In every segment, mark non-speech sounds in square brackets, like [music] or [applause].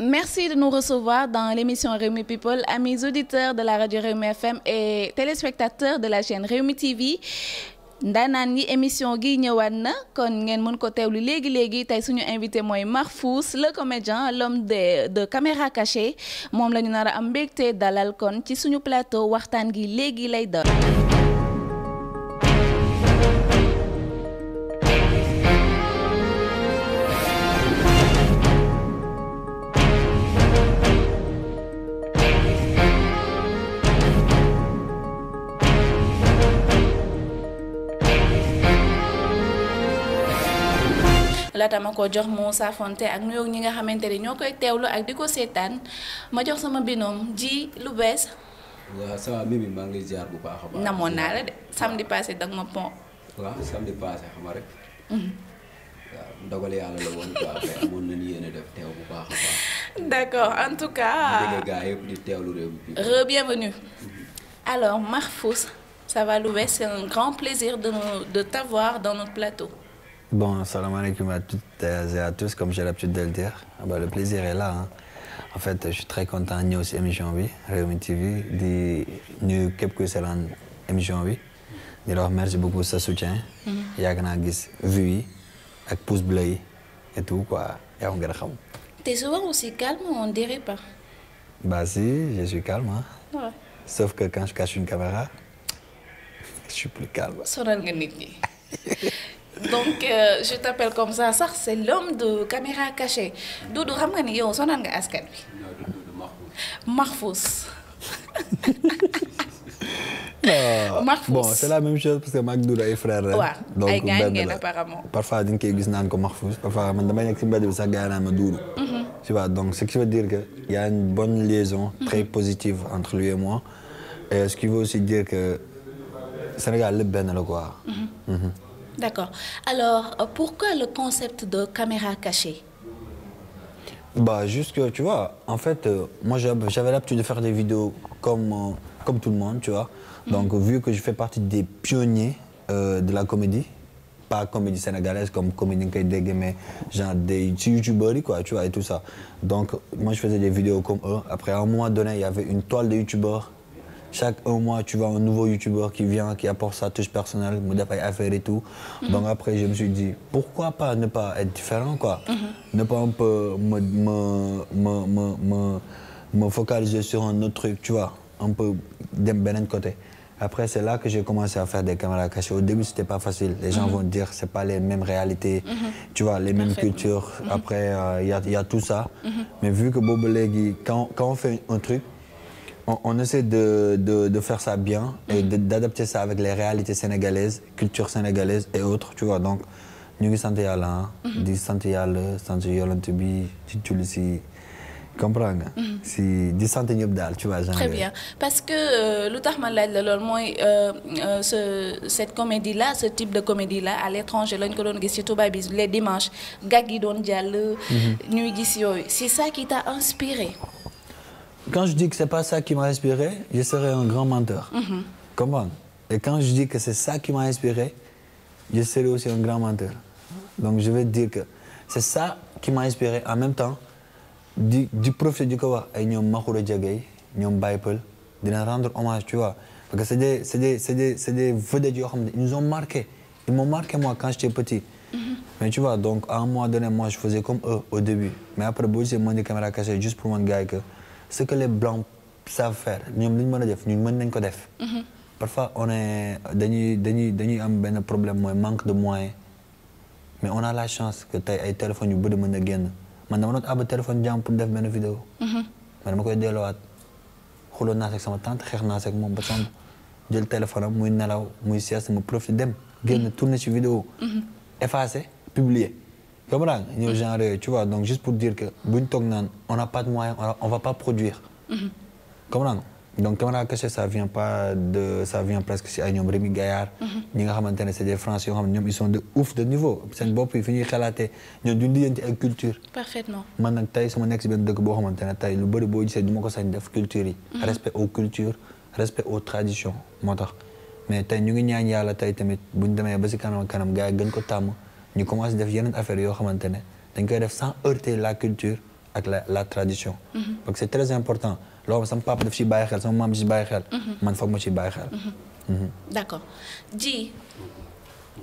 Merci de nous recevoir dans l'émission Réumi People, amis auditeurs de la radio Réumi FM et téléspectateurs de la chaîne Réumi TV. ndaanaan yi émission gi ñëwaan na kon ngeen mën ko teew lu léegi léegi tey suñu invité mooy Marfous le comédien l'homme de de caméra cachée moom la ñu nar a am mbégte dalal kon ci suñu plateau waxtaan gi léegi lay doon. laata ma ko jox mu saafonte ak nuyoog ñi nga xamante ni ñoo koy teewlu ak di ko seetaan ma jox sama binoom ji lu bees. waaw ça va Mimi maa ngi lay bu baax a baax. naa la de samedi passé dag ma pont. waaw mhm. en tout cas. dégg gaa yëpp di teewlu réew mi. re bienvenue. Mhm. alors Mahfous ça va Lou'Bess c'est un grand plaisir de t'avoir dans notre plateau. Bon, salam alaikum à toutes et à tous, comme j'ai l'habitude de le dire. Ah le plaisir est là. En fait, je suis très content de nous émission bi, Réumi TV, di nuyu képp kuy seetaan émission bi di la wax merci beaucoup sa soutien. Mhm. yàgg naa gis vues yi ak pouce bleu yi et tout quoi yaa ngi gën a xam. t'es souvent aussi calme on dirait pas. bah je suis calme sauf que quand je cache une caméra je suis plus calme. [laughs] donc euh, je t'appelle comme ça sax c'est l'homme de caméra cachée Doudou xam nga ni yow sonal nga askan bi Mahfous Mahfous bon c'est la même chose parce que maag Doudou ay frère rek donc ay gaañ ngeen apparemment parfois dañ koy gis naan ko Mahfous parfois man damay nekk si mbedd bi sax gars yi naan ma Doudou mhm. tu vois donc ce qui veut dire que y a une bonne liaison mhm. très positive entre lui et moi et ce qui veut aussi dire que Sénégal lépp benn la quoi mhm. D'accord. Alors, euh, pourquoi le concept de caméra cachée Bah, juste que, tu vois, en fait, euh, moi, j'avais l'habitude de faire des vidéos comme, euh, comme tout le monde, tu vois. Mhm. Donc, mm -hmm. vu que je fais partie des pionniers euh, de la comédie, pas comédie sénégalaise comme comédie Nkaideg, mais genre des youtubeurs, quoi, tu vois, et tout ça. Donc, moi, je faisais des vidéos comme eux. Après, à un moment donné, il y avait une toile de youtubeurs chaque un mois, tu vois un nouveau youtubeur qui vient, qui apporte sa touche personnelle, modifie affaire et tout. Mm -hmm. Donc après, je me suis dit, pourquoi pas ne pas être différent, quoi. Mm -hmm. Ne pas un peu me, me, me, me, focaliser sur un autre truc, tu vois. Un peu d'un benen côté. Après, c'est là que j'ai commencé à faire des caméras cachées. Au début, c'était pas facile. Les gens mm -hmm. vont dire, c'est pas les mêmes réalités, mm -hmm. tu vois, les mêmes cultures. Mhm. Après, il euh, y, a, y, a tout ça. Mhm. Mais vu que Bob quand, quand on fait un truc, on, on essaie de, de, de, faire ça bien et mm. d'adapter ça avec les réalités sénégalaises, culture sénégalaise et autres, tu vois. Donc, ñu ngi sant yàlla ah. Mm-hmm. di sant yàlla sant yolante bi ci julli si comprends nga. Mm-hmm. si di sant ñëpp daal tu vois. très bien parce que euh, lu tax ma laaj la loolu mooy euh, euh, ce cette comédie là ce type de comédie là à l'étranger lañ ko doon gis ci tubaab bi les dimanches gag yi doon jàll. Mm-hmm. ñuy gis yooyu c'est ça qui t'a inspiré. quand je dis que c'est pas ça qui m'a inspiré je serais un grand menteur. Mhm. comprends et quand je dis que c'est ça qui m'a inspiré je serai aussi un grand menteur donc je vais dire que c'est ça qui m'a inspiré en même temps di di profité di ko wax ay ñoom Makhouda Diagué ñoom Baye Peul dina rendre hommage tu vois parce que c'est des c'est des c'est des c'est des vedettes yoo xam ne ils nous ont marqué ils m'ont marqué moi quand j'étais petit. Mhm. mais tu vois donc à un moment donné moi je faisais comme eux au début mais après boo gisee moo di caméra cachée juste pour mon gars que. ce que les blancs savent faire ñoom li ñu mën a def nañ ko def. Mhm. parfois on est dañuy dañuy dañuy am benn problème mooy manque de moyens mais on a la chance que tey ay téléphones yu bëri mën na génn man dama doon àbb téléphone jàmm pour def benn vidéo. Mhm. mais dama koy delloowaat xuloon naa seeg sama tante xeex naa moom ba samp jël téléphone am muy nelaw muy sieste mu profité dem. génn tourner ci vidéo. Mhm. effacé publier. comprends ñëw genre tu vois donc juste pour dire que buñ toog naan on n'a pas de moyen on va pas produire comprends mm-hmm. donc Camara Cassé ça vient pas de presque si ay ñoom Rémi Gaillard mm-hmm. ñi nga xamante ne c'est des Français yoo xam ne ñoom de ouf de niveau seen bopp fi ñuy xalaatee ñoom duñ lijjanti ak culture man nag tey sama nekk si benn dëkk boo xamante ne tey lu bëri boo gisee du ma ko sañ def culture yi mm-hmm. respect aux cultures respect aux traditions moo tax mais tey ñu ngi ñaan yàlla tey tamit buñ demee ba si kanam kanam gars yi ko tàmm ñu commencé def yeneen affaire yoo xamante ne dañ koy def sans heurter la culture ak la la tradition. parce mhm. que c'est très important loo xam sama papa daf ci bàyyi xel sama maam di ci bàyyi xel. Mhm. man foog ma ci bàyyi xel. Mhm.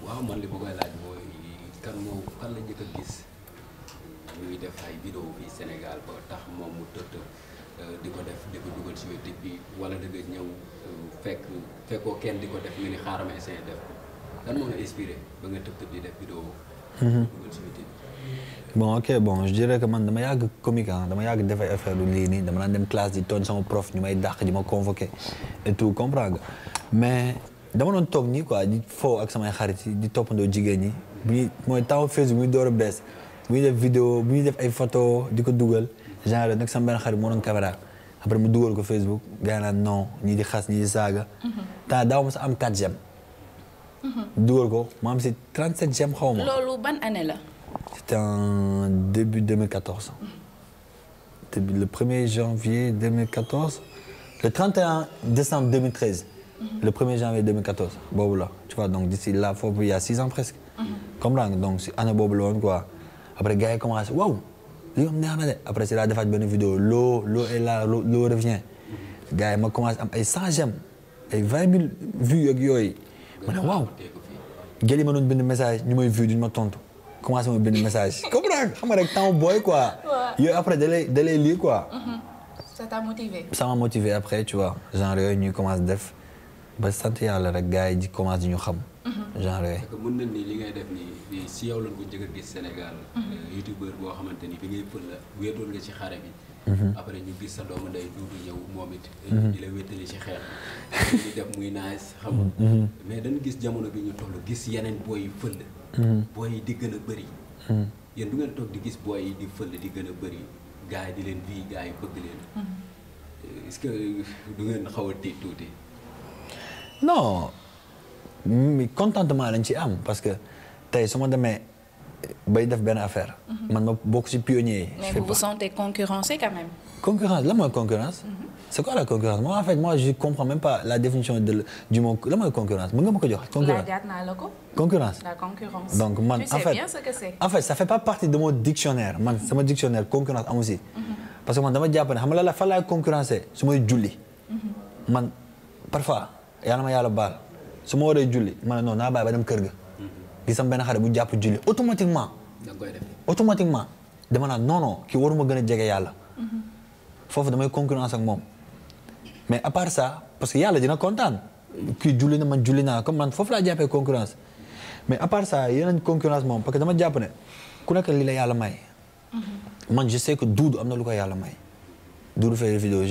man li ma koy laaj mooy kan moo kan la njëkk a def ay vidéo moom mu tëdd euh, di ko def di ko dugal ci web bi wala da nga ñëw euh, fekk fekkoo kenn di ko def nga ni xaaral ma def lan moo la mhm. bon ok bon je dirais que man dama yàgg comique ah, def ay affaire lu lii nii dama daan dem classe di tooñ sama prof ñu may dàq di ma convoqué et tout comprendre nga mais dama doon toog nii quoi di foo ak samay xarit yi di toppandoo jigéen ñi bu ñuy mooy temps Facebook bu ñu door a bees bu ñuy def vidéo bu def ay photo di ko dugal genre nag sama benn xarit moo doon caméra après mu dugal ko Facebook gars yi naan non ñii di xas ñii di saaga mhm. temps daaw ma am 4 j'aime dugal ko ma am si 37 jëm xaw ma. loolu ban année la. c'était en début 2014. début le 1er janvier 2014 le 31 décembre 2013. Mhm. le 1er janvier 2014 boobu la tu vois donc d'ici là foofu il y a 6 ans presque. Mhm. comprendre donc si année boobu la woon quoi après gars yi commencé waaw li am na après si laa defaat benn vidéo l'eau l'eau est là l'eau revient gars yi ma commencé am ay 100 j'aime ay 20 mille vues ak yooyu. ma waaw gël yi ma doon bind message ñu may vu duñu ma tontu commencé ma bind message [laughs] comprendre xam nga rek temps booy quoi yooyu après da lay da lay lii quoi mm-hmm. ça t'a motivé ça m'a motivé après tu vois genre yooyu ñuy commencé def ba sant yàlla rek gars yi di commencé di xam mm-hmm. genre yooyu mën si yow lañ ko njëkk a gis Sénégal mm-hmm. youtubeur boo xamante ni bi ngay pël xare bi Mhm. après ñu gis sa doomu ndey duudu ñëw moom it. Mhm. di la wéttali ci xeex bi. ñu def muy naaj xam mhm. mais dañ gis jamono bi ñu toll gis yeneen booy yu fël. booy yi di gën a bëri. yéen du ngeen toog di gis booy yi di fël di gën a bëri gars yi di leen bii gaa yi bëgg leen. que du ngeen xaw a tiit tuuti. non contentement lañ ci am parce que tey su ma demee. bay def benn affaire. Mhm. man ma bokk ci pionnier yi. mais vous vous sentez concurrencé quand même. concurrence la mooy concurrence. Mhm. c'est quoi la concurrence moi en fait moi je comprends même pas la définition de du mot la mooy concurrence mën nga ma ko jox. concurrence laajaat naa la ko. concurrence la concurrence. donc man en fait tu sais bien ce que c'est. en fait ça fait pas partie de mon dictionnaire man sama dictionnaire concurrence amu si. Mhm. parce que man dama jàpp ne xam nga la fa laay concurrencer su may julli. man parfois yàlla ma yàlla baal su ma waree julli man non naa bàyyi ba dem kër ga. gis sama benn xare bu jàpp julli automatiquement. da dama naan non kii kii waruma gën a jege yàlla. Mm-hmm. foofu damay concurrence ak moom. mais à part ça parce que yàlla dina kontaan. kii julli na man julli naa comme man foofu laa jàppee concurrence. mais à part ça yeneen moom parce que dama jàpp ne yàlla may. Mm-hmm. man je sais am na lu ko yàlla may. Doudou Fay vidéo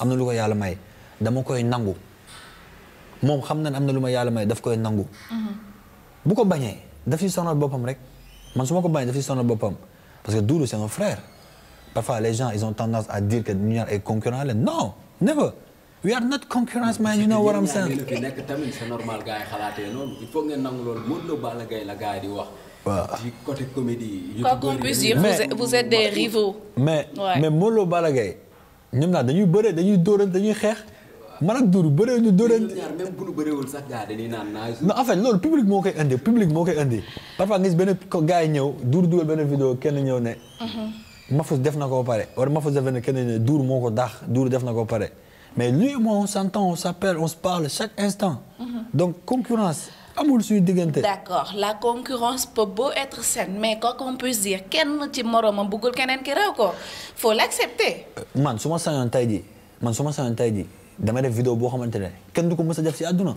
am na lu ko yàlla may dama koy nangu moom xam na ne am lu ma yàlla may daf koy nangu. Mm-hmm. bu ko bañee daf si sonal boppam rek man su ma ko bañee daf si sonal boppam parce que Doudou c'est un frère parfois les gens ils ont tendance à dire que ñu ñaar ay concurrent la non never we are not concurrence man you know what I'm saying. nekk tamit c'est normal gars yi xalaatee noonu il faut ngeen nangu loolu mën na Balla Gaye la gars yi di wax. waaw ci côté comédie yi. mais vous êtes des rivaux. mais mais Modou Lo Balla Gaye ñoom dañuy bëre dañuy dóorante dañuy xeex. man ak Doudou bëree ñu dóorante. même bu ñu bëreewul sax gars naan naa. non lool fait loolu public moo koy indi public moo koy indi parfois ngis benn gars yi ñëw Doudou dugal benn vidéo kenn ñëw ne. Mhm. Mafus def na ko pare wala Mafus def na kenn ne Doudou moo ko daax Doudou def na ko pare mais lui moo on s'entend on s'appelle on se parle chaque instant. Mhm. donc concurrence. amul suñu diggante. d'accord la concurrence peut boo être saine mais quoi qu'on puisse dire kenn ci moroomam bëggul keneen ki raw ko faut l'accepter. man su ma sañoon tey di man su ma sañoon tey jii damay def vidéo boo xamante ne kenn du ko mës a def si àdduna.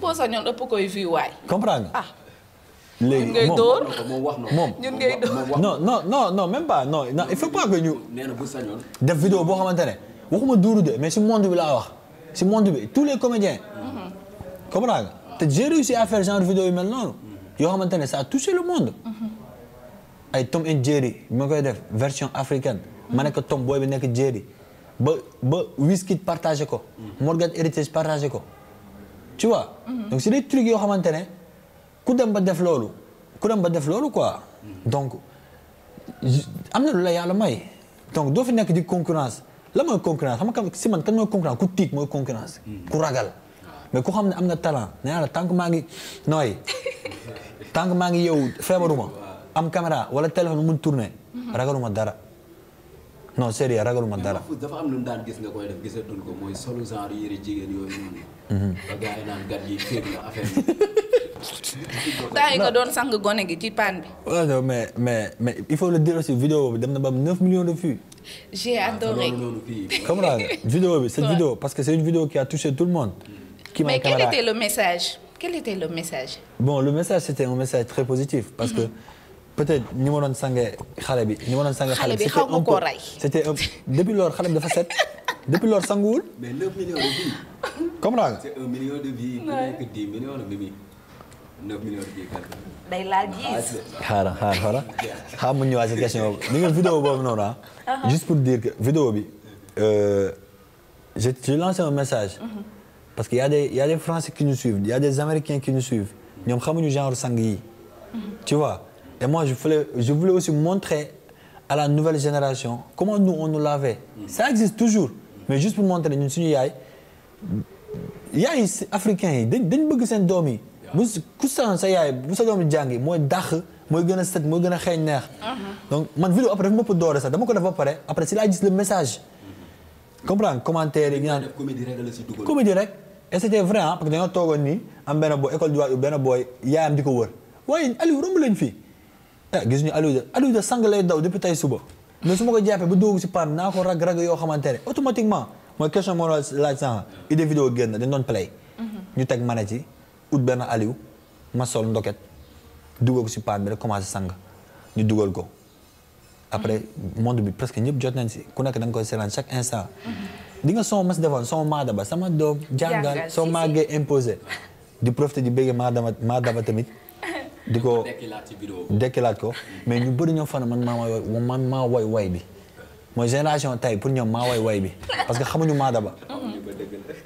boo sax ñoon koy vu waay. comprendre nga. Ah. léegi moom moom ñun ngay door non non non non même pas non il ñu. nee na bu sañoon. def vidéo boo xamante ne waxuma duuru de mais si monde bi laa wax si monde bi tous les comédiens. Mm-hmm. comprendre nga te j'ai réussi à faire genre vidéo yu mel noonu. Mm-hmm. yoo xamante ne ça a touché le monde. Mm-hmm. ay Tom et Jerry ma koy def version africaine. ma nekk Tom booy bi nekk Jerry. ba ba Wizkid partagé ko. Morgan Heritage partagé ko. tu vois. Mhm. donc c'est des yoo xamante ne ku dem ba def loolu ku dem ba def loolu quoi. Mhm. donc am na lu la yàlla may. donc doo fi nekk di concurrence la mooy concurrence xam nga si man kan mooy concurrence ku tiit mooy concurrence. Mhm. ku ragal ah. mais ku xam ne am na talent nee naa la tant maa ngi nooy [laughs] tant que maa ngi yow feebaruma am caméra wala téléphone mu tourné ragaluma dara. non sérieux ragaluma dara. dafa am lu daan gis nga koy def gisatul ko mooy solo mhm. [laughs] doon sang gone gi ci paan bi. non mais mais il faut le dire aussi vidéo bi dem na ba am 9 millions de vues. j'ai ah, adoré. comprendre vidéo cette vidéo parce que c'est une vidéo qui a touché tout le monde. qui mais quel était le message quel était le message. bon le message c'était un message très positif parce mhm. que. peut-être ni ma doon sange xale bi ni ma doon sange xale bi xaw ma koo rey c'était un depuis loolu xale bi dafa set depuis loolu sanguwul. mais 9 millions de vies. comme naa nga. c'est 1 million de vies. ku nekk 10 millions de mimi. 9 millions de vies day laaj gis. Ah, xaaral xaaral xaaral [laughs] xaaral mu ñëwaat si question boobu ni nga vidéo boobu noonu ah. Uh-huh. juste pour dire que vidéo bi euh, j'ai lancé un message. Uh-huh. parce que y a des y a des Français qui nous suivent y a des Américains qui nous suivent ñoom xamuñu genre sang yi. Uh-huh. tu vois. Et moi, je voulais, je voulais aussi montrer à la nouvelle génération comment nous, on nous lavait. Mhm. Ça existe toujours. mais juste pour montrer ñun suñu yaay yaay africain yi dañ dañ bëgg seen doom yi. bu ku sa sa yaay bu sa doom jàngi mooy dàq mooy gën a set mooy gën a xeeñ neex. Uh-huh. donc man vidéo après dafa ma ëpp doole sax dama ko def ba pare après si laa gis le message. Mm-hmm. comprendre commentaire yi ñu naan comédie rek la si dugal. comédie rek et c'était vrai parce que dañoo toogoon nii am benn boy école du waa benn boy yaayam di ko wër waaye Aliou romb lañ fii. ah gis ñu Aliou de Aliou sang lay daw depuis tey suba mais su ma ko jàppee ba dugg si paan naa ko rag rag yoo xamante ne automatiquement mooy question moo la laaj sànq idée vidéo génn dañ doon play mhm. ñu teg mane ci ut benn Aliou ma sol ndoket dugal ko si paan bi rek commencé sang ñu dugal ko après mhm. monde bi presque ñëpp jot nañ si ku nekk da nga koy seetaan chaque instant mhm. di nga son mas defoon son maadaba sama doom jàngal soo maagee imposé di profité di béggee maadaba maadaba tamit di ko dekkilaat ko mais ñu bëri fan man maa way way bi mooy génération tay pour ñoom maa way way bi parce que xamuñu maa daba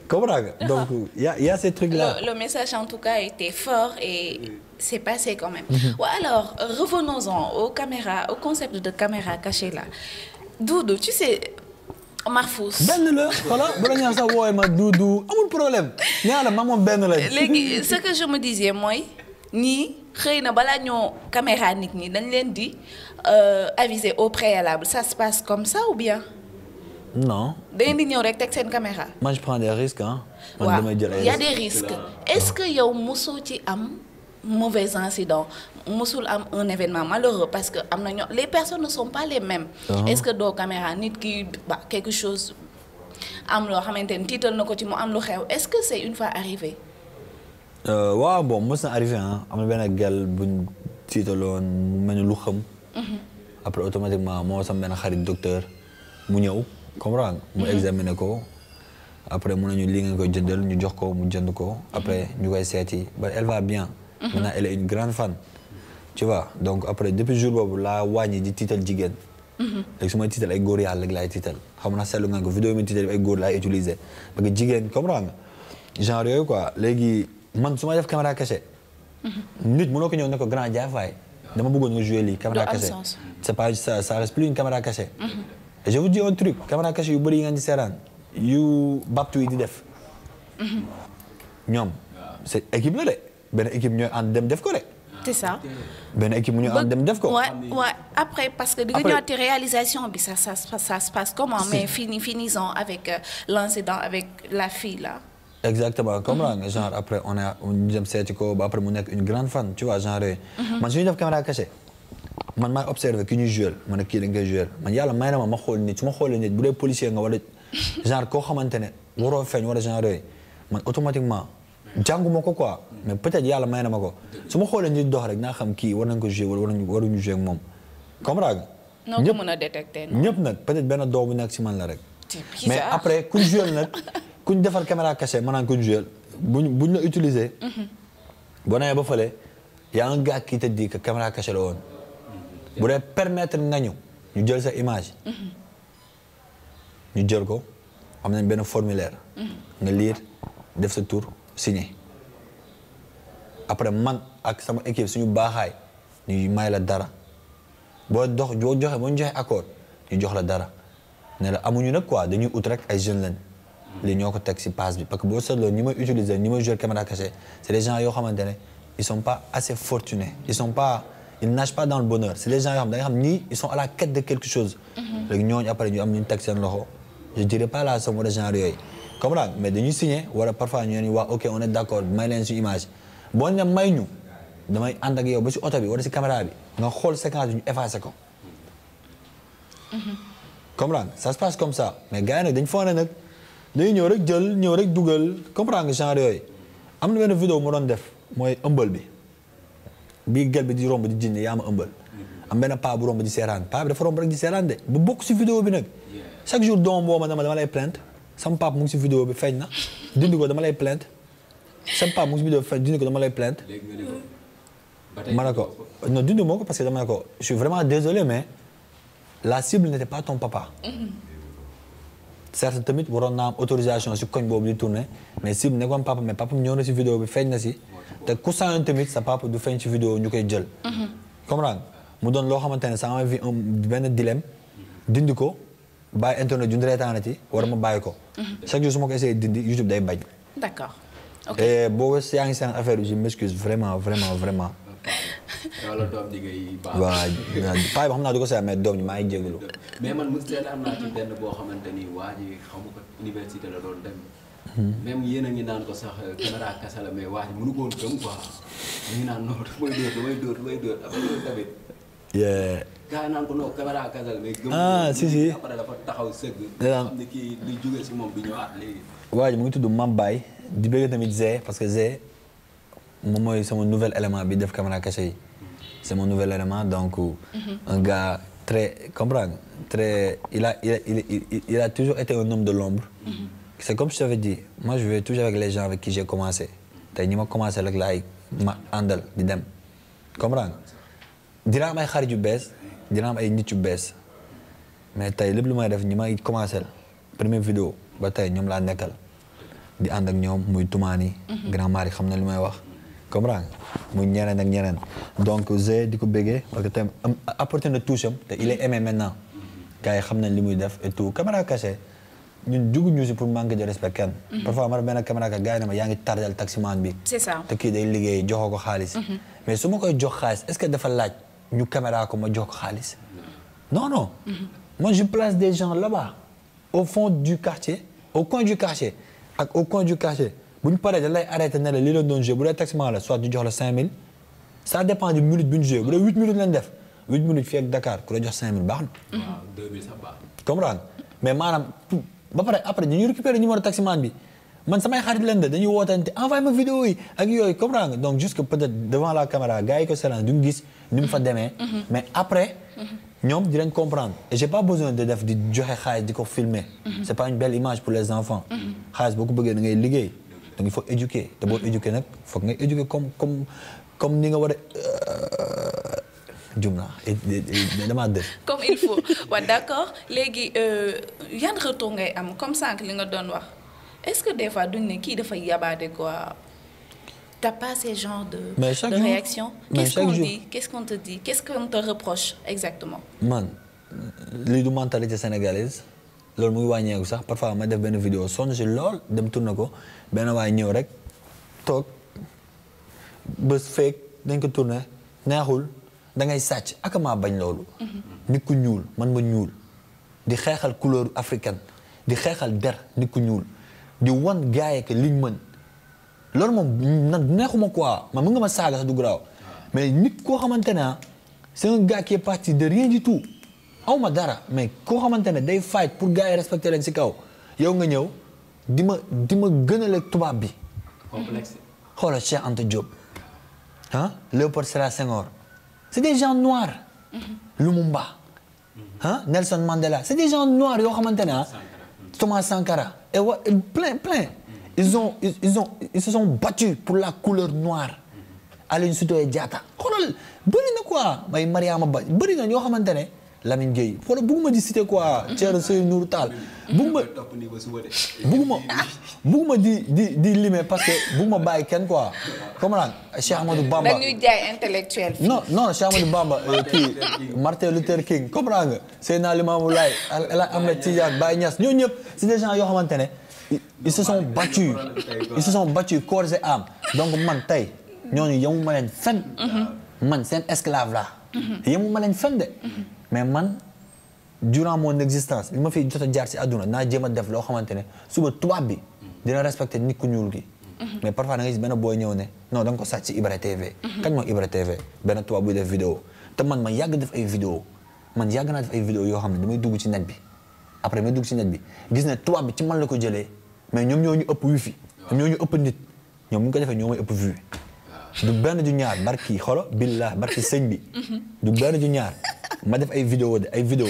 comprendre nga donc y a y a le message en tout cas était fort et c'est passé quand même. Mm-hmm. alors revenons au concept de caméra cachée là Doudou tu sais. Marfous. benn la voilà bu la ñu sax ma Doudou amul problème ñaar la ma moom benn la. léegi ce que je me disais mooy nii. xëy na balaa ñoo caméra nit ñi dañ leen di euh, aviser au préalable ça se passe comme ça ou bien. non. dañ di ñëw rek teg seen caméra. moi je prends des risques ah. man y a des risques est-ce que yow mosoo ci am mauvais incident mosul am un événement malheureux parce que am na ñoo les personnes ne sont pas les mêmes. Uh-huh. est-ce que doo caméra nit ki ba quelque chose am loo xamante ni na ko ci mu am lu xew est-ce que c'est une fois arrivé. Euh, waaw bon mos na arrivé ah am na benn gel buñ tiitaloon mu mel ni lu xam. Mhm. après automatiquement moo sam benn xarit docteur mu ñëw comprendre mu mhm. examiner ko après mun nañu li ngeen koy jëndal ñu jox ko mu jënd ko après mhm. ñu koy seeti ba elle va bien. maintenant elle est une grande fan. tu vois donc après depuis jour boobu laa wàññi di tiital jigéen. léegi su ma tiital ay góor yàlla rek laay tiital xam naa seetlu nga ko vidéo mi tiital ay góor laay utiliser parce que jigéen comprendre nga genre yooyu man su ma def caméra cachée. nit mënoo ko ñëw ne ko grand jaaf waay dama bugo nga jouer lii caméra cachée. c'est pas ça ça reste plus une caméra cachée. Mhm. je vous dis un truc caméra cachée yu bëri yi nga di seeraan yu baptu yi di def. ñoom c'est équipe la de benn équipe ñooy ànd dem def ko de. c'est ça. benn équipe mu ñu ànd dem def ko. waaw après parce que di nga ñëwaat réalisation bi ça ça ça se passe comment. mais fini finissons avec euh, l'incident avec la fille là. Exactement, comme mm -hmm. genre après on a dem seeti ko ba après mu nekk une grande fan tu vois genre mhm. man suñu def caméra cachée man maay observé ki ñuy jouer man ne kii la ngay jouer man yàlla may na ma ma xool nit su ma xoolee nit bu dee policier nga wala genre koo xamante ne waroo feeñ wala genre yooyu man automatiquement jànguma ko quoi mais peut-être yàlla may na ma ko su ma xoolee nit dox rek naa xam kii war nañ ko jouer wala waruñu jouer ak moom comprends nga noo ko mën a détecter ñëpp nag peut-être benn doobu nekk si man la rek mais après ku jouer nag [laughs] kuñ defar caméra cachée maanaam kuñ joué buñ buñ la utilisé. Mhm. boo nee ba fële y a un gars qui te dit que caméra cachée la woon bu dee permettre nga ñu ñu jël sa image. Mhm. ñu jël ko am nañ benn formulaire. Mhm. nga lire def sa tour signer après man ak sama équipe suñu baaxaay ñu may la dara boo dox boo joxe boo ñu joxe accord ñu jox la dara ne la amuñu nag quoi dañuy ut rek ay jeunes lañ. ñoo ko teg si bi parce que boo seetloo utiliser ñi may jouer caméra cachée c'est des gens yoo xamante ne ils pas assez fortunés ils sont pas ils nagent pas le bonheur c'est des gens yoo xam da nga xam ñii ils sont à de quelque chose mhm. léegi ñooñu après am ñu teg seen loxo je dirais pas la somme wala genre yooyu comprendre mais dañuy signé wala parfois ñu ne waa ok on est d'accord may leen su image boo ne may ñu damay ànd ak yow ba si oto bi wala si caméra bi nga xool séquence bi ñu effacé dañuy ñëw rek jël ñëw rek dugal comprendre nga genre yooyu am na benn vidéo mu doon def mooy ëmbal bi bii gel bi di romb di jinne yaa ma ëmbal am benn paa bu romb di seeraan paa bi dafa romb rek di seeraan de bu bokk si vidéo bi nag chaque jour doom boo ma dama dama lay plainte sama pap mu ngi si vidéo bi feeñ na dindi ko dama lay plainte sama mu ngi si vidéo bi feeñ dindi ko dama lay ma ne ko non dindi moo ko parce que dama ne ko je suis vraiment désolé mais la cible n'était pas ton papa mm-hmm. certes tamit waroon naa am autorisation si koñ boobu di tourner mais si nekkoon papa mais papa ñëw na si vidéo bi feeñ na si te ku sañoon tamit sa papa du feeñ si vidéo ñu koy jël comprendre mu doon loo xamante ne ça m'a vu un benn dilemme dindi ko bàyyi internet ju reetaana ci war ma bàyyi ko chaque jour su ma ko essayé dindi YouTube day bañ d'accord ok boo yaa ngi seen affaire bi je m'excuse vraiment vraiment vraiment wala doom ji ngay baax. waaw naa du ko seet mais doom ji maa ngi jégalu. mais man mos am naa ci benn boo xamante ni waa ji xamu ko université la doon dem. Hmm. même yéen a ngi naan ko sax euh, caméra kasa la mais waa ji mënu ko woon naan non damay ko non caméra kasa ah, mu ngi tudd Mame Baye di bëgg tamit Zé parce que Zé moom mooy sama nouvel élément bi def caméra cachée yi. c'est mon nouvel élément donc mhm. un gars très comprends très il a il a, il, il, il a toujours été un homme de l'ombre mhm. c'est comme je t'avais dit moi je vais toujours avec les gens avec qui j'ai commencé tey ñi ma commencé rek laay ma àndal di dem comprendre dina am ay xarit yu bees dina am ay nit yu bees mais tey lépp lu may def ñi may commencé première vidéo ba tey ñoom laa nekkal di ànd ak ñoom muy tumaani mhm. grand mari xam na li may wax comprendre mu ñeneen ak ñeneen donc Zé di ko bëggee parce que tam apporté na touche am te il est aimé maintenant gars xam nañ li def et tout caméra cachée ñun jugu ñu si pour manque de respect kenn. Mhm. parfois ma ne benn caméra ka gars yi ma yaa ngi tardel taximan bi. c'est ça te kii day liggéey joxoo ko xaalis. Mhm. mais su ma koy jox xaalis est-ce que dafa laaj ñu caméra ko ma jox ko xaalis. non non. Mhm. moi je place des gens là au fond du quartier au coin du quartier ak au coin bu ñu pare dañ lay arrêté ne la lii la doon joué bu dee taxement la soit ñu jox la 5000 ça dépend du minute bu ñu bu dee 8 minutes lañ def 8 minutes fii ak Dakar ku la jox 5000 baax na. waaw 2000 sax baax na. comprendre ba pare après ñu récupéré numéro taximan bi man samay xarit leen de dañuy wootante envoyé ma vidéo yi ak yooyu comprendre donc jusque peut-être devant la caméra gars yi ko seetaan duñu gis ni mu fa mhm. demee. Mhm. mais après. Mhm. ñoom dinañ comprendre et j'ai pas besoin de def di joxe xaalis di ko filmer. c'est pas une belle image pour les enfants. xaalis boo ko bëggee da ngay liggéey. donc il faut éduquer te boo éduquer nag foog nga éduquer comme comme comme ni nga war a euh, jum naa damaa def. comme il faut waaw ouais, d' accord léegi euh, yan retour ngay am comme sànq li nga doon wax est ce que des fois duñ ne kii dafay yabaate quoi. t' as genre de. mais chaque de jour, réaction mais chaque qu' est ce qu' on dit qu' ce qu' te reproche exactement. man lii du mentalité sénégalaise. loolu muy wàññeeku sax parfois ma def benn vidéo sonn si lool dem tourné ko benn waay ñëw rek toog bés feek dañ ko tourné neexul da ngay sàcc ak bañ loolu. Mhm. nit ku ñuul man ma ñuul. di xeexal couleur africaine di xeexal der nit ku ñuul di wan gaaye que liñ mën loolu moom na neexuma quoi man mën nga ma saaga sax du garaaw mais nit koo xamante ne ah c'est un gars de rien du tout. aw ma dara mais koo xamante ne day fight pour gars yi respecté leen si kaw yow nga ñëw di ma di ma gënal ak tubaab bi. complexe. xoolal Cheikh Anta Diop ah Léopold Sédar Senghor c' est des gens noirs. Mm-hmm. Lumumba ah Nelson Mandela c' est des gens noirs yoo xamante na mm-hmm. ah. Sankara et wa plein plein. ils ont pour la couleur noire. Aline Sitoé Diatta xoolal bëri na quoi may Mariama Ba bëri na ñoo xamante ne. Lamine Gueye wala bëgguma di cité quoi Thierno Seydou Nourou taal bëgguma bëgguma bëgguma di di di limee parce que ma bàyyi kenn quoi comme naan Cheikh Amadou Bamba dañuy jaay intellectuel non non Cheikh Amadou Bamba euh, kii Martin Luther King comme nga Seydina Limamou Laye El Hadj Ahmed Tidiane Baye Niass ñoo ñëpp c'est des gens yoo xamante ne ils se sont battus ils se sont battus donc man tey ñooñu yemu ma leen mhm. man seen esclave la mhm. yemu ma de mhm. mais man durant mon existence bi ma fi jot a jaar si àdduna naa jéem a def loo xamante ne suba tubaab bi dina respecté nit ku ñuul gi. mais parfois da nga gis benn booy ñëw ne non da nga ko sàcc ci Ibra TV. kañ mooy Ibra TV benn tubaab def vidéo te man ma yàgg def ay video man yàgg naa def ay vidéo yoo xam ne damay dugg ci net bi après may dugg ci net bi gis ne tubaab bi ci man la ko jëlee mais ñoom ñoo ñu ëpp wifi ñoom ñoo ñu ëpp nit ñoom bu ñu ko defee ñoo may ëpp vue du benn du ñaar barki xolo billah barki sëñ bi du benn du ñaar ma def ay vidéo de ay vidéo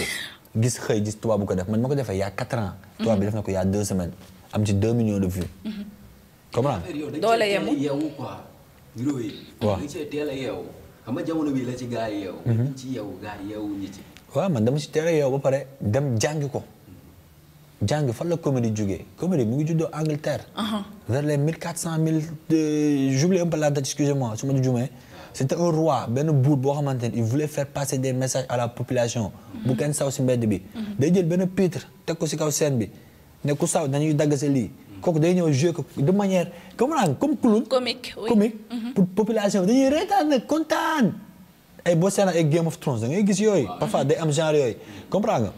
gis xëy gis tubaab bu ko def man ma ko defee y' a quatre ans. tubaab bi def na ko y' a deux semaines am ci deux millions de vues. comprends. doole yemul yow quoi. vidéo yi. waaw a yeewu xam la ci gaa yi mhm. ci yeewu gaa man dama ci teel a yeewu ba pare dem jàngi ko. jàng fan la comédie jógee comédie mu ngi juddoo Angleterre. Uh-huh. vers les mille quatre cent mille euh, j'oublie un peu la date excusez su ma juumee. c'était un roi benn buur boo xamante ne il voulait faire passer des messages à la population. bu kenn saw si mbedd bi. day jël benn pitre teg ko si kaw scène bi ne ku saw dañuy dagg sa lii. kooku day ñëw jouer ko de manière comme naan comme clown. comique mhm. pour population dañuy reetaan nag kontaan. ay boo seen ay Game of Thrones da ngay gis yooyu. parfois day am genre yooyu comprendre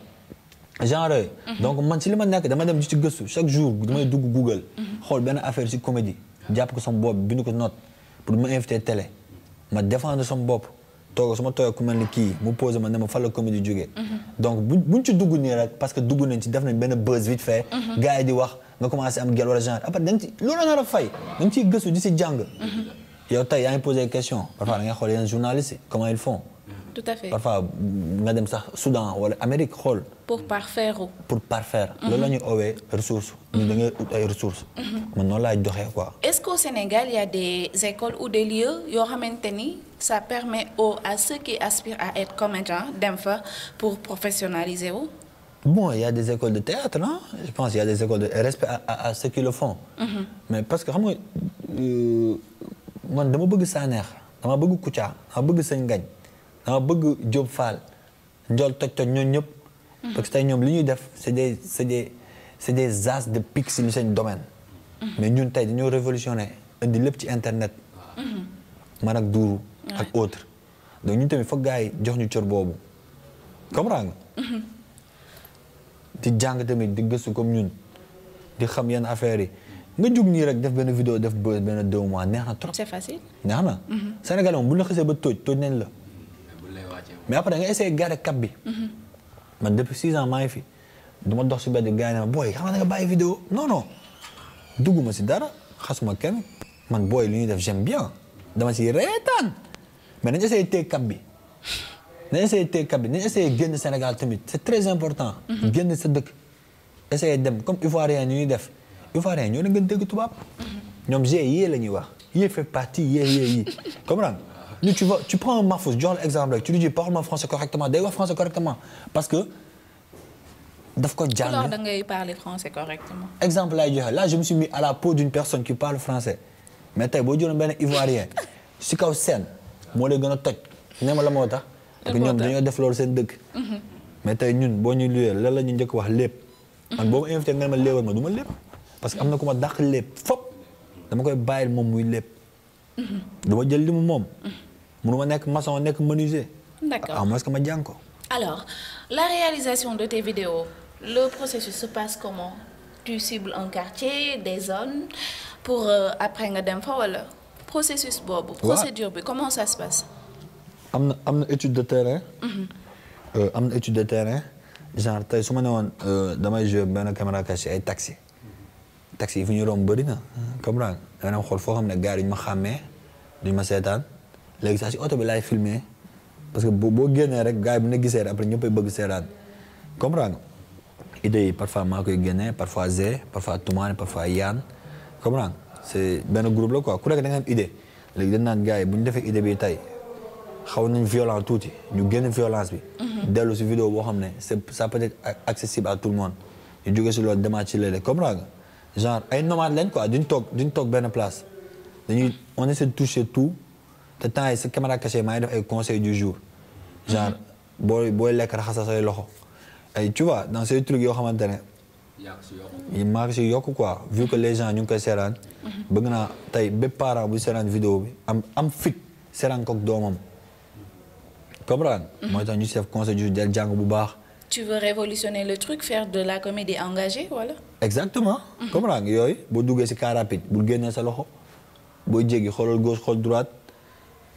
nga. genre mhm. donc man ci li ma nekk dama dem ci gëstu chaque jour damay dugg Google. Mhm. xool ben affaire ci comédie. jàpp ko sama bopp bindu ko note pour ma invité télé. ma défendre sama bopp toog su ma toogee ku kii mu posé ma ne ma fan la comédie jógee mhm. donc buñ buñ ci dugg nii parce que dugg nañ ci def nañ benn buzz vite fait mhm. gars yi di wax nga commencé am gel wala a après da nga ci loolu la a fay da nga ciy gëstu di si jàng mhm. yow tey yaa ngi posé question parfois da ngay xool yeneen journalistes yi comment ils font tout à fait parfois nga dem sax Soudan wala Amérique xool. pour parfaire pour parfaire. Mhm. loolu la ñuy oowee ressource. ñu da ngay ut ay ressources. Mhm. man noonu laay doxee quoi. est-ce qu'au Sénégal y a des écoles ou des lieux yoo xamante ni ça permet aux à ceux qui aspirent à être comédiens dem fa pour professionnaliser wu. bon il y a des écoles de théâtre ah je pense il y a des écoles de respect à, à, qui le font. Mhm. mais parce que xam nga euh, man dama bëgg Sanex dama bëgg Kouthia dama bëgg Sëñ Ngagne. dama bëgg Diop Fall Ndiol toj toj ñooñu ñëpp. parce que tey ñoom li ñuy def c' est des est des c' des as de pique si seen domaine. mais ñun tey dañoo révolutionné indi lépp ci internet. man ak duuru ak autre donc ñun tamit foog gars yi jox ñu cër boobu comme nga. di jàng tamit di gësu comme ñun di xam yenn affaires yi nga jug nii rek def benn vidéo def benn deux mois neex na trop. c'est facile neex na. Mhm. Sénégal moom bu ñu la xasee ba tóoj tóoj nañ la. mais après da nga essayé garder cap bi. man depuis six ans maa ngi fi du ma dox si benn gars yi ne ma booy xam nga bàyyi vidéo non dugguma si dara xasuma kenn man booy lu ñuy def j'aime bien dama si reetaan mais nañu essayé téye cap bi nañu essayé téye cap bi nañu essayé génn Sénégal tamit c' très important. Mhm. génn sa dëkk essayé dem comme Ivoirien ñu ñuy def Ivoirien ñoo leen gën dégg tubaab. Mhm. ñoom GIE la ñuy wax yéen fait partie yéen yéen yi comprendre ni tu vas tu prends un Mahfouz jox la exemple rek tu lui dis parle français correctement day wax français correctement parce que daf ko jàng. alors da ngay parler français correctement. exemple laay joxe là je me mis à la peau d'une personne qui parle français mais tey boo jëloon benn Ivoirien si kaw seen moo lay gën a toj ne la moo tax. parce que ñoom dañoo def loolu seen dëkk. Mhm. mais tey ñun boo ñu luyee lan la ñu njëkk wax lépp. man boo ma invité nga ne ma léewal ma du ma lépp. parce que am na ku ma dàq lépp fop dama koy bàyyil moom muy lépp. Mhm. dama jël li mu moom. Mhm. mënu ma nekk maçon nekk menuisier. d'accord à que ma jàng ko. alors la réalisation de tes vidéos le processus se passe comment tu cibles un quartier des zones pour euh, après nga dem fa wala processus boobu. procédure bi comment ça se passe. am na am na étude de terrain. Mhm. Euh, am na de terrain genre su ma ne woon euh, damay jouer benn caméra cachée ay taxi taxi yi fu ñu romb bëri na comprendre nga xool foo xam ne gars yi ñu ma xàmmee duñ ma seetaan. léegi sax si oto bi laay filmer parce que boo génnee rek gars yi bu ne gisee après ñëppay bëgg seetaan comprendre rang idée yi parfois maa koy génnee parfois Zé parfois Toumane parfois Yann comprendre c'est benn groupe la quoi ku nekk da nga am idée léegi dañ naan gars yi bu ñu defee idée bi tey xaw nañ violent tuuti ñu génn violence bi. Mhm. dellu si vidéo boo xam ne c'est ça peut être accessible à tout le monde ñu jógee si loolu demaat ci léeg-léeg comprendre nga genre ay nomades lañ toog duñ toog benn place dañuy on essaie de toucher tout. te temps yi sa caméra cachée maa ngi def ay conseils du jour genre mhm. booy lekk raxasal say loxo ay tu vois dans ces trucs yoo xamante ne maa ngi si yokk quoi vu que les gens ñu ngi koy seeraan mhm. bëgg naa tey bépp parent bu seeraan vidéo bi am am fit seeraan kook doomam comprendre mhm. mooy tax ñu si def conseil du jour jàng bu baax tu veux révolutionner le truc faire de la comédie engagée voilà exactement comprendre yooyu boo duggee si car rapide bul génnee sa loxo booy jéggi xoolal gauche xool droite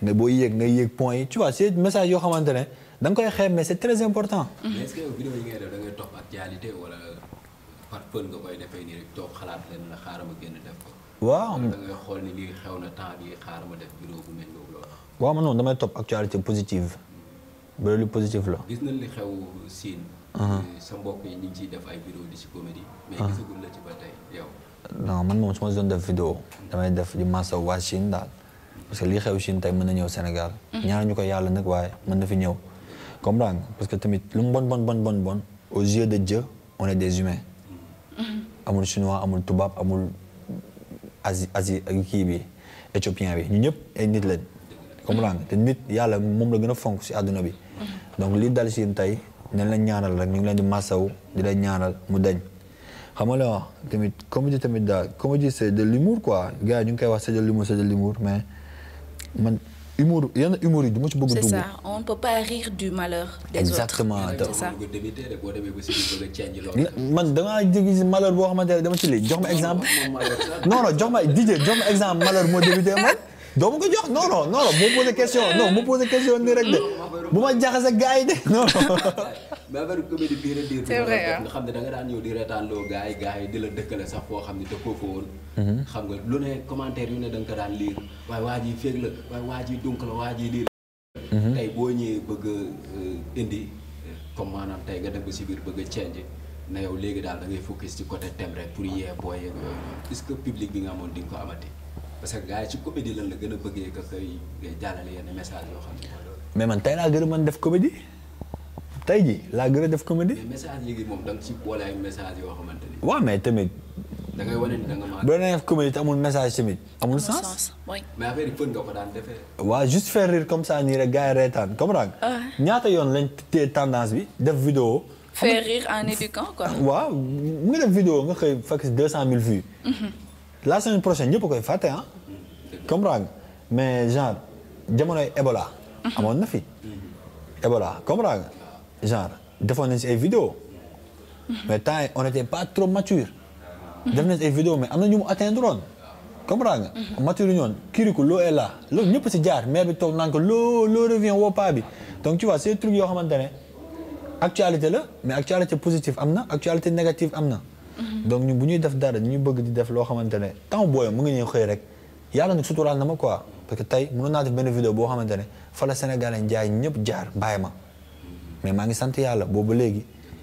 ne boo yéeg nga yéeg point yi tu vois c'est message yoo xamante ne da koy xeeb mais c'est très important. Mm-hmm. mais est-ce que vidéo ngay def da ngay topp actualité wala par peur nga koy defee nii rek toog xalaat leen la xaaral ma génn def ko. waaw xool ni lii xew na temps bii xaaral ma def vidéo bu mel man noonu damay topp actualité positive. Mm-hmm. ba lu positif la. gis nañ li xew Sine. Mm-hmm. Eh, sa mbokk yi ñu ngi ciy def ay vidéo di ci comédie. mais gisagul la ci ba tey yow. man moom su ma doon def vidéo damay def di massa waa Sine daal. parce que lii xew Chine tey mën na ñëw Sénégal. Mhm. ñaar ñu koy yàlla nag waaye mën na fi ñëw. comprendre parce que tamit lu mu bon bon bon bon bon aux yeux de Dieu des humains. Mhm. amul chinois amul tubaab amul asi asi kii bi éthiopien bi ñu ñëpp ay nit lañ. comprendre te nit yàlla moom la gën a fonk si àdduna bi. Mhm. donc lii dal Chine tey nañ la ñaanal rek ñu ngi leen di masawu di la ñaanal mu dañ. xam nga la wax tamit comédie tamit daal comédie c'est de l'humour quoi gars yi ñu ngi koy wax c'est de l'humour c'est de l'humour mais. man humour yenn humour yi du ma ci bëgg a dugg. c'est ça on ne peut des exactement. man da ngaa gis boo xamante ne dama ci lii jox ma exemple. non jox ma DJ jox ma exemple malheur moo débuté man. doo ko jox non boo posé question non boo de bu ma jaxase gars yi mais affaire comédie diir a diir bi nga xam ne da nga daan ñëw di reetaanloo gars yi gars di la dëkkale sax foo xam ne dëkkoo fa woon mhm. xam nga lu ne commentaire yu ne da nga ko daan liir waaye waa ji féeg la waaye waa ji dunk la waa ji liir la mhm. tey boo ñëwee bëgg a euh, indi comme maanaam tey nga dem si biir bëgg a change na yow léegi daal da ngay si coté côté rek pour yee booy yeeg yooyu est-ce bi nga amoon di ko amati parce que gars yi ci comédie la gën a bëggee nga koy jàllale yenn message yoo tey jii laa gën a def comédie. mais message yi moom da nga ci boole ay message yoo xamante ni. waaw mais tamit. da ngay wane ni da message tamit. amul sens amul sens oui. mais affaire yi fën comme ça nii rek gars ah. ñaata yoon lañ téye tendance bi def vidéo. faire rire en éduquant quoi. Ah, def vidéo nga xëy fekk si deux mhm. la semaine prochaine ñëpp koy fàtte ah. Mm-hmm. comprendre nga mais genre jamonoy Ebola. Mhm. amoon na fi. Mm-hmm. Ebola comprendre nga. genre defoon nañ si ay vidéo mais temps yi on était pas trop mature. def nañ si ay vidéo mais am na ñu mu atteindre woon comprends nga. Mhm. mature ñoon kiriku loo est là loolu ñëpp si jaar maire bi toog naan loo loo revient woo paa bi donc tu vois ces trucs yoo xamante ne actualité la mais actualité positive am na actualité négative am na. Mhm. donc ñu bu ñuy def dara ñu bëgg di def loo xamante ne temps booyam mu ngi ñuy xëy rek yàlla nag suturaal na ma quoi parce que tey mu naa def benn vidéo boo xamante ne fa la Sénégalais ñëpp jaar bàyyi ma. mais maa ngi sant yàlla boobu ba léegi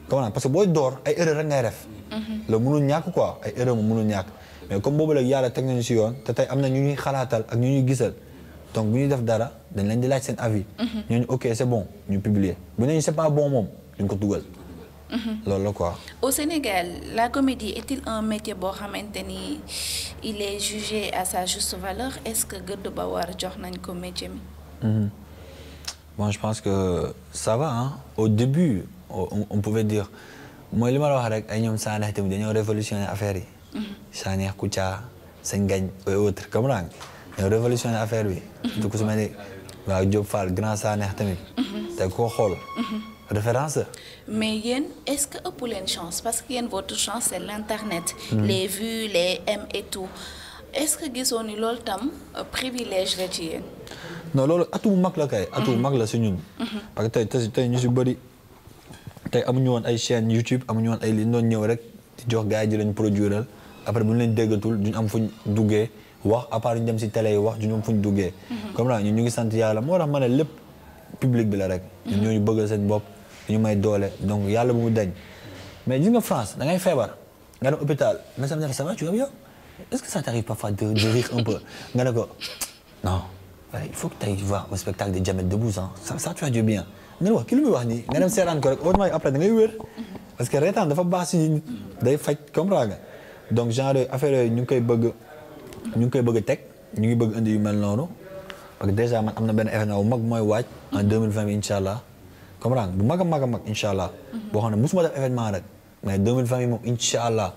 comme parce que booy door ay erreur rek ngay def mhm. loolu mënul ñàkk quoi ay erreur mu mënul ñàkk mais comme boobu léegi yàlla teg nañu si yoon te tey am na ñu ñuy xalaatal ak ñu ñuy gisal donc bu ñuy def dara dañ leen di laaj seen avis mhm. ñooñu ok c'est bon ñu publier bu neñu c'est pas bon moom duñ ko dugal mhm. loolu la quoi. au Sénégal la comédie est-il un métier boo xamante ni il est jugé à sa juste valeur est-ce que Bon, je pense que ça va. Hein? Au début, on, on pouvait dire mooy li ma la wax rek ay ñoom Saalum tamit dañoo révolutionné affaire yi. Mm-hmm. Sanex Kouthia Sëñ Gagne et autres comme daal dañoo révolutionné affaire bi. surtout mm-hmm. ku su ma ne waaw Diop Fall grand Sanex tamit. Mm-hmm. te koo xool. référence mais yéen est-ce que ëpp leen chance parce que yéen votre chance c'est l'internet. les vues les m et tout est-ce que gisoo ni loolu tam euh, privilège la ci yéen. non loolu atu bu mag la kay. atu mag la si ñun. parce que tey tey ñu si bëri te amuñu woon ay chaîne YouTube amuñu woon ay li doon ñëw rek di jox gars yi di leen produire après bu ñu leen déggatul duñ am ñu duggee wax à part ñu dem si télé yi wax ñoom fu ñu duggee. comme ça ñun ñu ngi sant yàlla moo tax ma ne lépp public bi la rek. ñun ñoo ñu bëgg seen bopp ñu may doole donc yàlla bu mu dañ mais gis nga France da ngay feebar nga dem hôpital mais ça va tu vas bien est-ce que ça t'arrive parfois de de rire nga ne ko non. waaye il faut que tey de Diamètre Debout ah ça bien. nga wax ki wax nii nga dem seeraan ko rek autrement après da ngay wér parce que reetaan dafa baax day faj comprendre nga donc genre affaire yooyu ñu ngi koy bëgg ñu ngi koy bëgg teg ñu ngi bëgg indi yu mel noonu parce que déjà man am na benn événement bu mag mooy waaj en 2020 bi incha allah comprendre bu mag mag a mag incha allah boo xam ne musuma def événement rek mais 2020 bi moom incha allah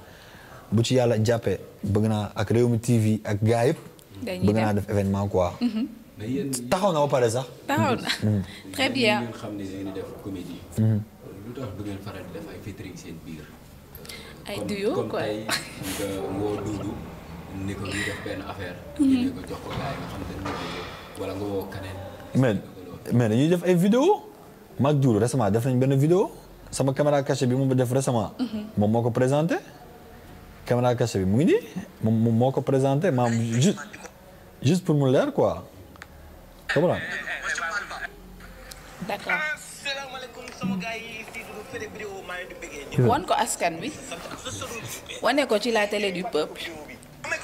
bu ci yàlla jàppee bëgg naa ak Rewmi TV ak gars yëpp bëgg naa def quoi mm-hmm. taxaw na ba pare sax. taxaw na mm-hmm. Mm-hmm. [laughs] très bien. ngeen xam ne ngeen def comédie. Mm-hmm. ay featuring ni ko ñu def benn affaire. ñu ko jox ko gars nga xam ne wala nga woo keneen. mais dañuy def ay vidéo maag Dudu récemment def nañ benn vidéo sama caméra cachée bi mu def récemment. moom moo ko présenté. caméra cachée bi mu ngi nii moo ko présenté maam juste juste mu leer quoi. comprendre d'accord wan ko askan bi wane ko ci la télé du peuple [laughs]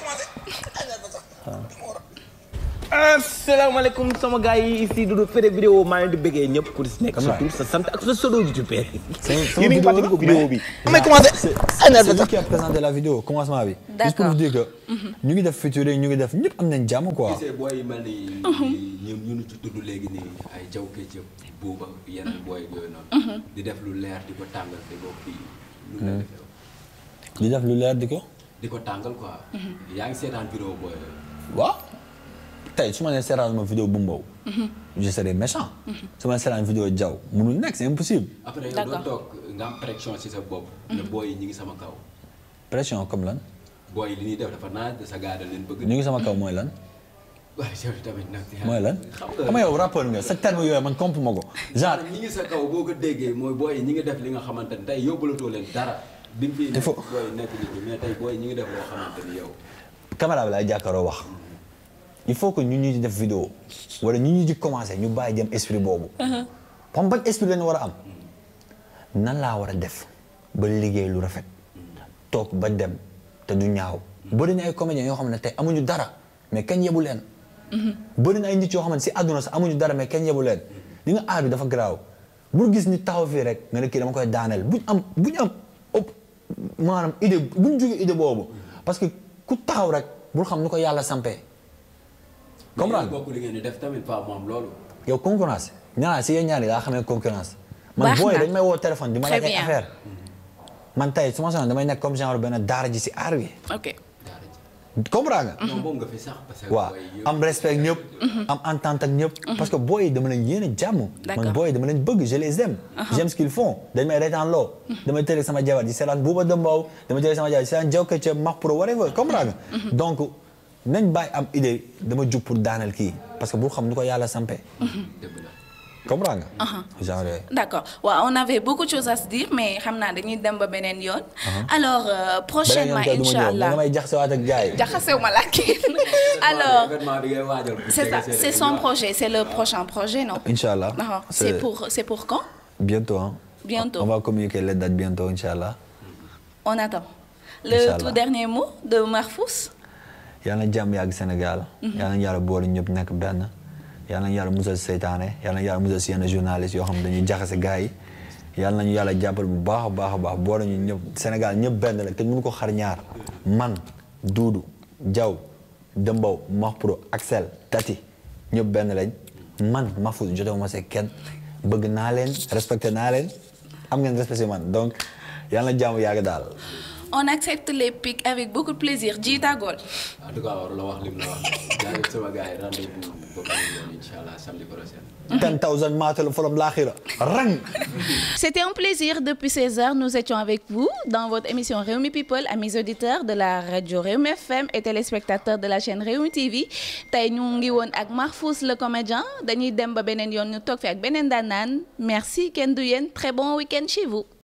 asalaamaaleykum sama gars yi ici Doudou Féré vidéo maa ngi di bëggee ñëpp ku si nekk sa tur sa sant ak sa solo YouTube. yéen a ngi fàttaliku vidéo bi. mais commencé. c'est lui qui a présenté la vidéo commencement bi. d'accord juste pour vous dire que. Mm-hmm. ñu ngi def featuring ñu ngi def ñëpp am nañ jàmm quoi. ñoom ñu nu ci tudd léegi nii ay jaw kecc buuba yeneen mm-hmm. booy yooyu noonu. Mm-hmm. di def lu leer di ko tàngal ko mm-hmm. def lu leer di di ko tàngal quoi. yaa ngi seetaan vidéo booy yooyu. waaw tey su ma nee seetaan ma vidéo bu mbaw. je serais méchant. su ma seetaan vidéo jaw munul nekk c'est impossible. après yow doo toog nga am pression ci sa bopp. ne booy yi ñu ngi sama kaw. pression comme lan. booy yi li ñuy def dafa naa naaj sa gaada leen bëgg. ñu ngi sama kaw mooy lan. waaw yow tamit nag. mooy lan xam nga yow nga sa terme yooyu man comp ma ko. genre ñi ngi boo ko déggee mooy booy ñi ngi def li nga xamante ne tey yóbbulatoo leen dara. bi mu fi nekk booy nekk booy ñi ngi def loo xamante ni bi laay jàkkaaroo wax il faut que ñu ñu def vidéo wala ñu ñu di commencé ñu bàyyi jëm esprit boobu. Uh-huh. comme ban esprit lañu war a am. nan laa war a def ba liggéey lu rafet. toog ba dem te du ñaaw. bëri na ay comédiens yoo xam ne tey amuñu dara mais kañ yebu leen. bëri na ay nit yoo xamante si àdduna sax amuñu dara mais kenn yebu leen li nga aar bi dafa garaaw bul gis ni taxaw fii rek nga ne kii dama koy daaneel buñ am buñ am ëpp maanaam idée buñ jógee idée boobu parce que ku taxaw rek bul xam nu ko yàlla sampee comprendre yow concurrence ñaar si yéen ñaar yi yaa xamee concurrence man booy dañ may woo téléphone di ma laaj ay affaire man tey su ma soxla damay nekk comme genre benn daara ji si aar bi comprends nga. non moom am respect ñëpp. Mhm. am entente ak ñëpp. Mhm. parce que booy yi dama leen yéene jàmm. man booy yi dama leen bëgg je les aime. Mhm. j'aime ce qu'ils font dañ may reetaan loo. dama tële sama jabar ji seetaan Bouba Dembaw dama tële sama jabar ji seetaan Jokal Thiam Max Pro whatever comprends nga. donc nañ bàyyi am idée dama jug pour daanal kii parce que bu xam nu ko yàlla sampe comprends nga. genre yooyu. d' on avait beaucoup de choses à se dire mais xam naa dañuy dem ba beneen yoon. alors euh, prochainement incha allah beneen da nga may jaxasewaat ak [laughs] son projet c' le prochain projet non. incha allah c' est pour c' est pour quand. bientôt hein. bientôt on va communiquer les dates bientôt incha allah. on attend. le tout dernier mot de Marfous. yal na jàmm yàgg Sénégal. Mhm. yal na yàlla boole ñëpp yal nañu yàlla musal seytaane yal nañu yàlla musal si yenn journaliste yoo xam dañuy jaxase gars yi yal ñu yàlla jàppal bu baax a baax a baax boo nañu ñëpp Sénégal ñëpp benn la te mënu ko xar ñaar man dudu Jaw Dembaw Maxpro Axel Tati ñëpp benn lañ man Mahfouz jotewuma see kenn bëgg naa leen respecté naa leen am ngeen respecté man donc yal na jàmm yàgg daal on accepte les pics avec beaucoup de plaisir ji tàggool. en tout cas warul wax lim la wax jaajëf rang. C'était un plaisir depuis 16 heures nous étions avec vous dans votre émission Rewmi People amis auditeurs de la radio Rewmi FM et téléspectateurs de la chaîne Rewmi TV tey ñu ngi woon ak Marfous le comédien dañuy dem ba beneen yoon ñu toog fi ak beneen daanaan merci kenn du yéen très bon week chez vous.